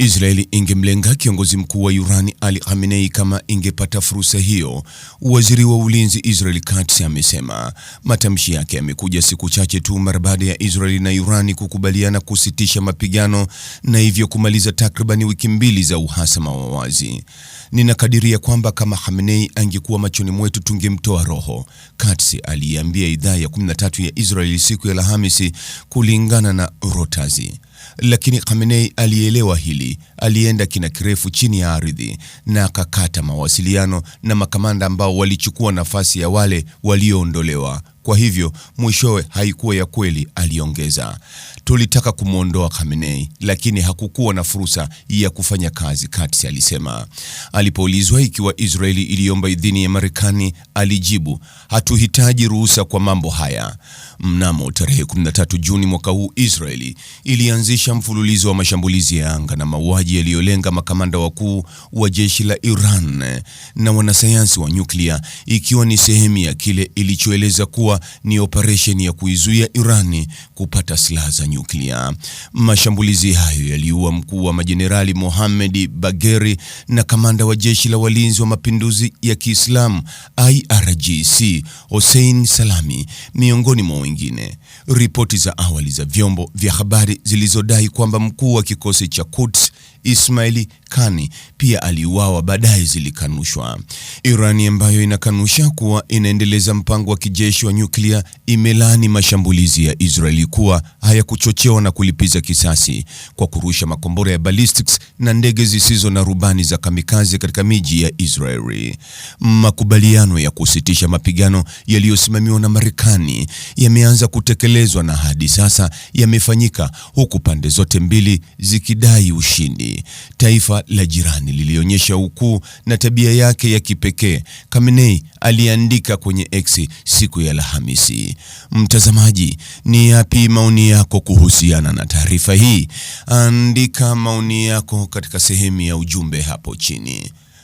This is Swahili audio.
Israeli ingemlenga kiongozi mkuu wa Iran Ali Khamenei kama ingepata fursa hiyo, waziri wa ulinzi Israel Katz amesema. Matamshi yake yamekuja siku chache tu mara baada ya Israeli na Iran kukubaliana kusitisha mapigano na hivyo kumaliza takribani wiki mbili za uhasama wa wazi. Ninakadiria kwamba kama Khamenei angekuwa machoni mwetu tungemtoa roho, Katz aliambia idhaa ya 13 ya Israeli siku ya Alhamisi kulingana na Reuters lakini Khamenei alielewa hili. Alienda kina kirefu chini ya ardhi na akakata mawasiliano na makamanda ambao walichukua nafasi ya wale walioondolewa kwa hivyo mwishowe haikuwa ya kweli, aliongeza. Tulitaka kumwondoa Khamenei, lakini hakukuwa na fursa ya kufanya kazi, Katz alisema. Alipoulizwa ikiwa Israeli iliomba idhini ya Marekani, alijibu, hatuhitaji ruhusa kwa mambo haya. Mnamo tarehe 13 Juni mwaka huu, Israeli ilianzisha mfululizo wa mashambulizi ya anga na mauaji yaliyolenga makamanda wakuu wa jeshi la Iran na wanasayansi wa nyuklia, ikiwa ni sehemu ya kile ilichoeleza kuwa kuwa ni operesheni ya kuizuia Irani kupata silaha za nyuklia. Mashambulizi hayo yaliua mkuu wa majenerali Mohamed Bagheri na kamanda wa jeshi la walinzi wa mapinduzi ya Kiislamu IRGC Hossein Salami, miongoni mwa wengine. Ripoti za awali za vyombo vya habari zilizodai kwamba mkuu wa kikosi cha Quds Ismaili Kani pia aliuawa, baadaye zilikanushwa. Irani ambayo inakanusha kuwa inaendeleza mpango wa kijeshi wa nyuklia imelaani mashambulizi ya Israeli kuwa hayakuchochewa na kulipiza kisasi kwa kurusha makombora ya ballistics na ndege zisizo na rubani za kamikaze katika miji ya Israeli. Makubaliano ya kusitisha mapigano yaliyosimamiwa na Marekani yameanza kutekelezwa na hadi sasa yamefanyika huku pande zote mbili zikidai ushindi taifa la jirani lilionyesha ukuu na tabia yake ya kipekee, Khamenei aliandika kwenye X siku ya Alhamisi. Mtazamaji, ni yapi maoni yako kuhusiana na taarifa hii? Andika maoni yako katika sehemu ya ujumbe hapo chini